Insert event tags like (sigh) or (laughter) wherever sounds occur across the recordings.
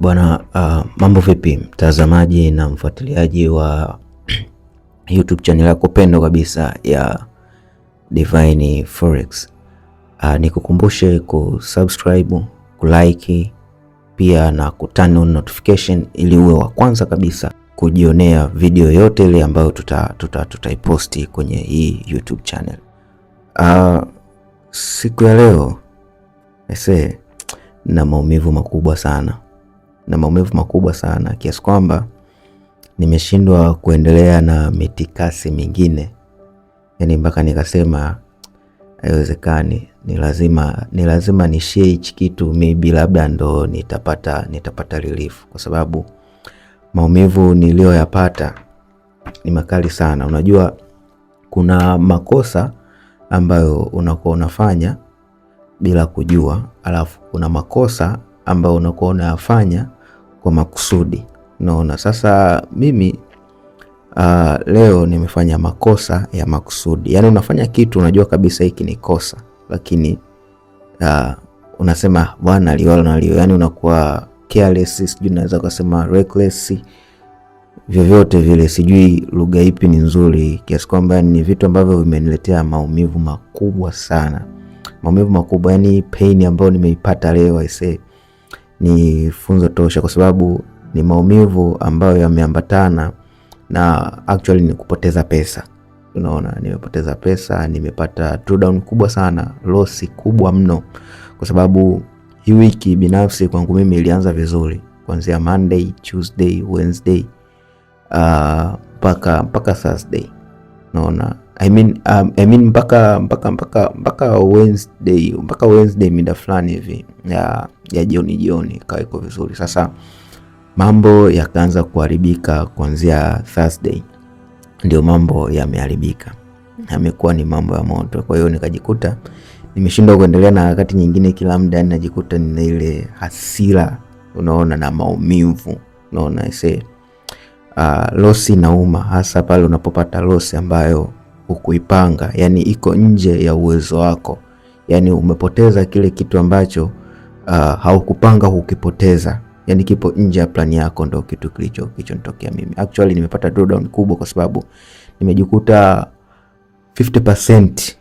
Bwana uh, mambo vipi mtazamaji na mfuatiliaji wa (clears throat) YouTube channel yako pendo kabisa ya Divine Forex. Uh, nikukumbushe kusubscribe, kulike pia na kuturn on notification ili uwe wa kwanza kabisa kujionea video yote ile ambayo tutaiposti tuta, tuta kwenye hii YouTube channel. Uh, siku ya leo ese na maumivu makubwa sana na maumivu makubwa sana kiasi kwamba nimeshindwa kuendelea na mitikasi mingine, yani mpaka nikasema haiwezekani, ni lazima ni lazima nishie hichi kitu, maybe labda ndo nitapata nitapata relief, kwa sababu maumivu niliyoyapata ni makali sana. Unajua kuna makosa ambayo unakuwa unafanya bila kujua, alafu kuna makosa ambayo unakuwa unayafanya kwa makusudi. Naona sasa mimi uh, leo nimefanya makosa ya makusudi. Yaani unafanya kitu unajua kabisa hiki ni kosa, lakini uh, unasema bwana liwalo nalio, yaani unakuwa careless, sijui naweza kusema reckless, vyovyote vile, sijui lugha ipi ni nzuri, kiasi kwamba ni vitu ambavyo vimeniletea maumivu makubwa sana, maumivu makubwa, yani pain ambayo nimeipata leo aisee ni funzo tosha, kwa sababu ni maumivu ambayo yameambatana na actually ni kupoteza pesa. Unaona, nimepoteza pesa, nimepata drawdown kubwa sana, losi kubwa mno, kwa sababu hii wiki binafsi kwangu mimi ilianza vizuri kuanzia Monday, Tuesday, Wednesday ah, mpaka uh, mpaka Thursday, naona I mean, um, I mean mpaka mpaka mpaka mpaka Wednesday mpaka Wednesday mida fulani hivi ya ya jioni jioni ikawa iko vizuri. Sasa mambo yakaanza kuharibika kuanzia Thursday, ndio mambo yameharibika, yamekuwa ni mambo ya moto. Kwa hiyo nikajikuta nimeshindwa kuendelea na wakati nyingine, kila muda yaani najikuta nina ile hasira, unaona, na maumivu, unaona ise. Uh, losi nauma hasa pale unapopata losi ambayo hukuipanga, yani iko nje ya uwezo wako, yani umepoteza kile kitu ambacho uh, haukupanga hukipoteza, yani kipo nje ya plani yako. Ndo kitu kilicho kilichonitokea mimi. Actually nimepata drawdown kubwa, kwa sababu nimejikuta 50%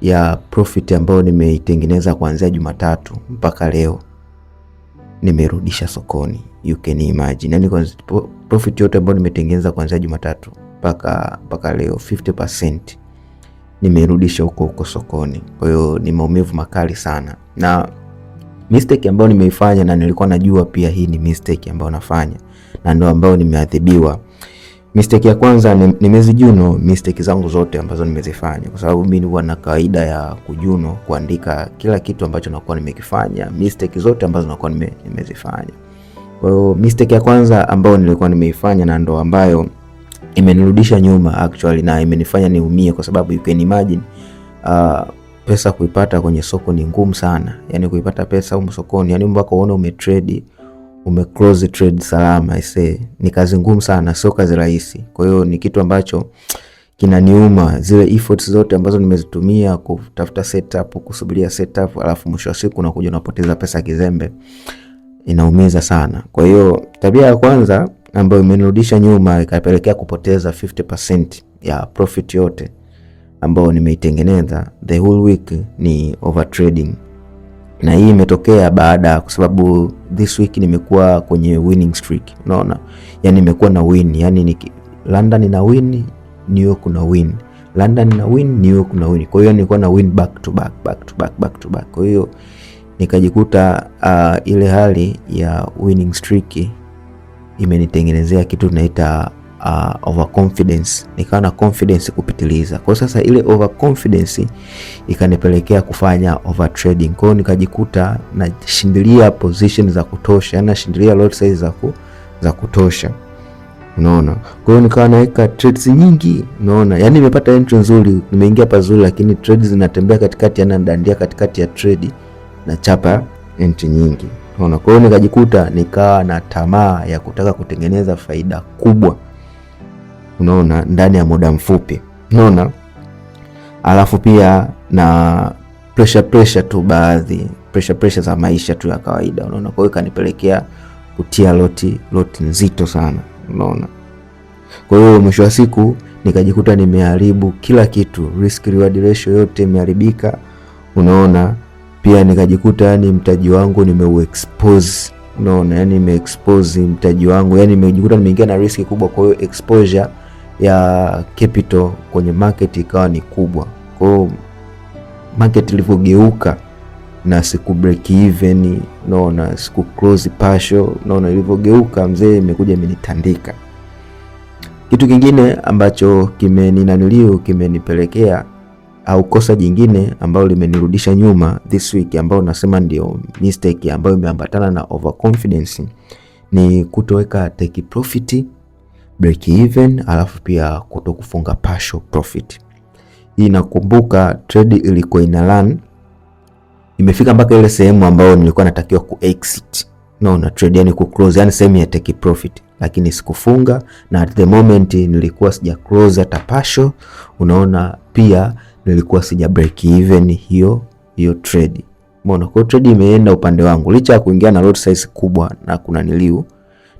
ya profit ambayo nimeitengeneza kuanzia Jumatatu mpaka leo nimerudisha sokoni. You can imagine, yani profit yote ambayo nimetengeneza kuanzia Jumatatu mpaka mpaka leo 50% nimerudisha huko huko sokoni. Kwa hiyo ni maumivu makali sana, na mistake ambayo nimeifanya na nilikuwa najua pia hii ni mistake ambayo nafanya na ndio ambayo nimeadhibiwa. Mistake ya kwanza nimezijuno mistake zangu zote ambazo nimezifanya, kwa sababu mimi huwa na kawaida ya kujuno kuandika kila kitu ambacho nakuwa nimekifanya, mistake zote ambazo nakuwa nimezifanya. Kwa hiyo mistake ya kwanza ambayo nilikuwa nimeifanya na ndo ambayo imenirudisha nyuma actually, na imenifanya niumie kwa sababu you can imagine uh, pesa kuipata kwenye soko ni ngumu sana, yani kuipata pesa huko sokoni, yani mpaka uone umetrade ume close trade salama I say ni kazi ngumu sana, sio kazi rahisi. Kwa hiyo ni kitu ambacho kinaniuma, zile efforts zote ambazo nimezitumia kutafuta setup, kusubiria setup, alafu mwisho wa siku nakuja unapoteza pesa kizembe, inaumiza sana. Kwa hiyo tabia ya kwanza ambayo imenirudisha nyuma ikapelekea kupoteza 50% ya profit yote ambayo nimeitengeneza the whole week ni overtrading, na hii imetokea baada, kwa sababu this week nimekuwa kwenye winning streak, unaona, yani nimekuwa na win, yani ni London na win, New York na win, London na win, New York na win. Kwa hiyo nilikuwa na win back to back, back to back, back to back. Kwa hiyo nikajikuta uh, ile hali ya winning streak imenitengenezea kitu tunaita uh, overconfidence, nikawa na confidence kupitiliza. Kwa sasa ile overconfidence ikanipelekea kufanya overtrading, kwa hiyo nikajikuta nashindilia position za kutosha, yani nashindilia lot size za, ku, za kutosha unaona. Kwa hiyo nikawa naweka trades nyingi, unaona, yani nimepata entry nzuri, nimeingia pazuri, lakini trades zinatembea katikati, yani nadandia katikati ya trade na chapa entry nyingi. Unaona, kwa hiyo nikajikuta nikawa na tamaa ya kutaka kutengeneza faida kubwa, unaona, ndani ya muda mfupi, unaona. Alafu pia na pressure pressure tu, baadhi pressure pressure za maisha tu ya kawaida, unaona. Kwa hiyo kanipelekea kutia loti loti nzito sana, unaona. Kwa hiyo mwisho wa siku nikajikuta nimeharibu kila kitu, risk reward ratio yote imeharibika, unaona pia nikajikuta yani mtaji wangu nimeuexpose unaona yani nimeexpose mtaji wangu yani nimejikuta nimeingia na riski kubwa. Kwa hiyo exposure ya capital kwenye market ikawa ni kubwa. Kwa hiyo market ilivyogeuka na siku break even, na siku close partial, na ilivyogeuka, mzee imekuja imenitandika. Kitu kingine ambacho kimeninaniliu kimenipelekea au kosa jingine ambalo limenirudisha nyuma this week, ambayo nasema ndio mistake ambayo imeambatana na overconfidence ni kutoweka take profit, break even, alafu pia kuto kufunga partial profit. Hii nakumbuka trade ilikuwa ina run, imefika mpaka ile sehemu ambayo nilikuwa natakiwa ku exit no na trade yani ku close, yani sehemu ya take profit, lakini sikufunga, na at the moment nilikuwa sija close hata partial. Unaona pia nilikuwa sija break even hiyo hiyo trade. Umeona, kwa trade imeenda upande wangu licha ya kuingia na lot size kubwa na kuna niliu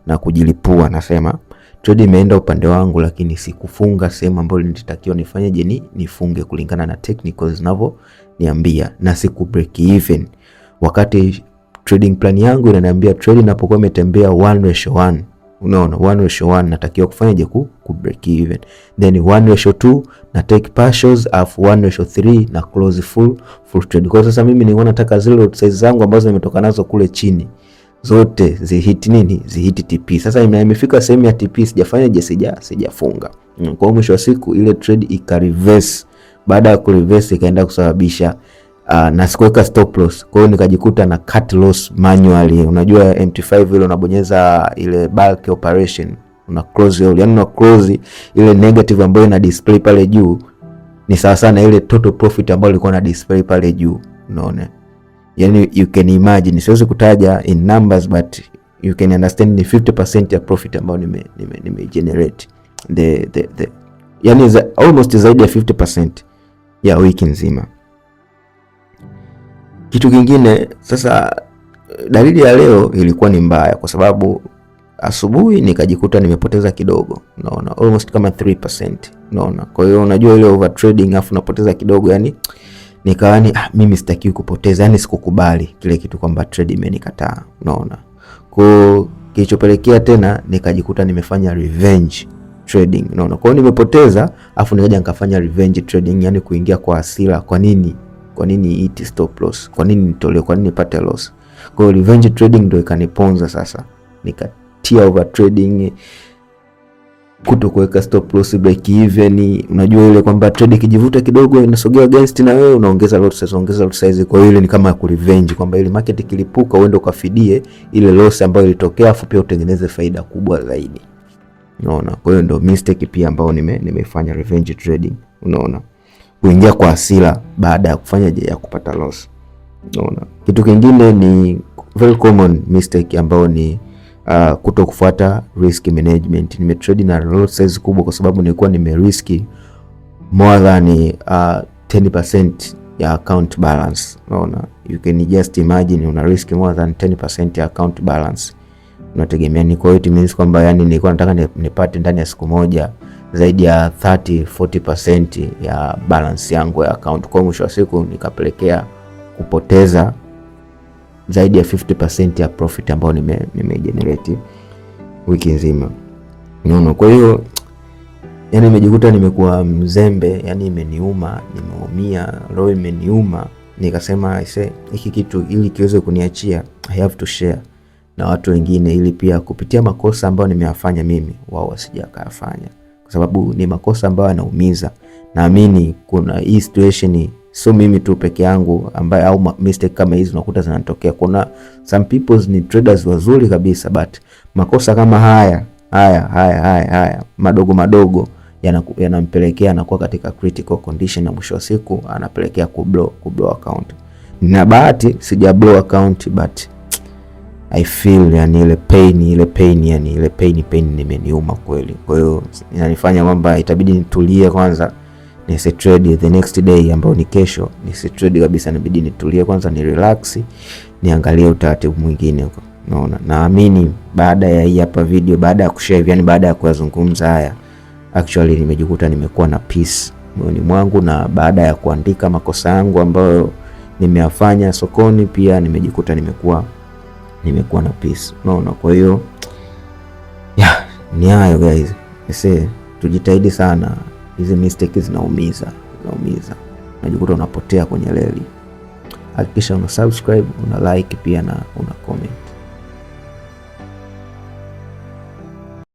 na kujilipua, nasema trade imeenda upande wangu, lakini sikufunga sehemu ambayo nilitakiwa nifanyeje, ni nifunge kulingana na technicals zinavyoniambia, na siku break even wakati trading plan yangu inaniambia trade inapokuwa imetembea 1:1 Unaona, one ratio one natakiwa kufanyaje? Ku ku break even, then one ratio two na take partials, alafu three na close full full trade. Kwa sasa mimi niona nataka zile lot size zangu ambazo nimetoka nazo kule chini zote zihit nini, zihit TP. Sasa imefika sehemu ya TP sijafanyaje? Sija sijafunga. Mm, kwa mwisho wa siku ile trade ikareverse. Baada ya kureverse ikaenda kusababisha Uh, na sikuweka stop loss, kwa hiyo nikajikuta na cut loss manually. Unajua MT5 ile unabonyeza ile bulk operation, una close ile, yani una close ile negative ambayo ina display pale juu, ni sawa sana ile total profit ambayo ilikuwa na display pale juu, unaona. Yani you can imagine, siwezi kutaja in numbers but you can understand ni 50% ya profit ambayo nime, nime, nime generate the the, the yani za, almost zaidi ya 50% ya wiki nzima. Kitu kingine sasa, dalili ya leo ilikuwa ni mbaya kwa sababu asubuhi nikajikuta nimepoteza kidogo, unaona almost kama 3%, unaona. Kwa hiyo unajua ile overtrading afu napoteza kidogo, yani nikaani ah, mimi sitakiwi kupoteza, yani sikukubali kile kitu kwamba trade imenikataa, unaona. Kwa hiyo kilichopelekea tena nikajikuta nimefanya revenge trading, unaona. Kwa hiyo nimepoteza afu nikaja nikafanya revenge trading, yani kuingia kwa hasira. Kwa nini? kwa nini iiti stop loss? Kwa nini nitolee? Kwa nini nipate loss? Kwa hiyo revenge trading ndio ikaniponza sasa, nikatia over trading, kuto kuweka stop loss, break even. Unajua ile kwamba trade ikijivuta kidogo inasogea against na wewe unaongeza lot size, unaongeza lot size. Kwa hiyo ile ni kama ya revenge kwamba ile market ikilipuka uende ukafidie ile loss ambayo ilitokea, afu pia utengeneze faida kubwa zaidi. Unaona, kwa hiyo ndio mistake pia ambayo nime nimefanya revenge trading, unaona kuingia kwa hasira baada ya kufanya ya kupata loss. Unaona, kitu kingine ni very common mistake ambayo ni uh, kuto kufuata risk management. Nimetrade na lot size kubwa kwa sababu nilikuwa nimeriski more than uh, 10% ya account balance. Unaona, you can just imagine una risk more than 10% ya account balance unategemea ni kwa hiyo it means kwamba yani nilikuwa nataka nipate ndani ya siku moja zaidi ya 30 40% ya balance yangu ya account. Kwa mwisho wa siku nikapelekea kupoteza zaidi ya 50% ya profit ambayo nime, nime generate wiki nzima. Unaona, kwa hiyo yani nimejikuta nimekuwa mzembe, yani imeniuma, nimeumia, roho imeniuma, nikasema aise, hiki kitu ili kiweze kuniachia I have to share na watu wengine, ili pia kupitia makosa ambayo nimeyafanya mimi, wao wasijakaafanya kwa sababu ni makosa ambayo yanaumiza. Naamini kuna hii situation, sio mimi tu peke yangu ambaye au mistake kama hizi unakuta zinatokea. Kuna some people ni traders wazuri kabisa, but makosa kama haya haya haya haya haya madogo madogo yanampelekea yana anakuwa katika critical condition, na mwisho wa siku anapelekea ku blow account. Na bahati sija blow account but I feel yani ile pain ile pain yani ile pain pain nimeniuma kweli. Kwa hiyo inanifanya kwamba itabidi nitulie kwanza, trade the next day ambao ni kesho, trade kabisa, inabidi nitulie kwanza, ni relax, niangalie utaratibu mwingine huko. Unaona, naamini baada ya hii hapa video, baada ya kushare yani, baada ya kuyazungumza haya, actually nimejikuta nimekuwa na peace moyoni mwangu, na baada ya kuandika makosa yangu ambayo nimeyafanya sokoni, pia nimejikuta nimekuwa nimekuwa na peace, unaona. Kwa hiyo yeah, ni hayo guys, ese tujitahidi sana, hizi mistake zinaumiza, zinaumiza, najikuta unapotea kwenye reli. Hakikisha una subscribe, una like pia na una comment.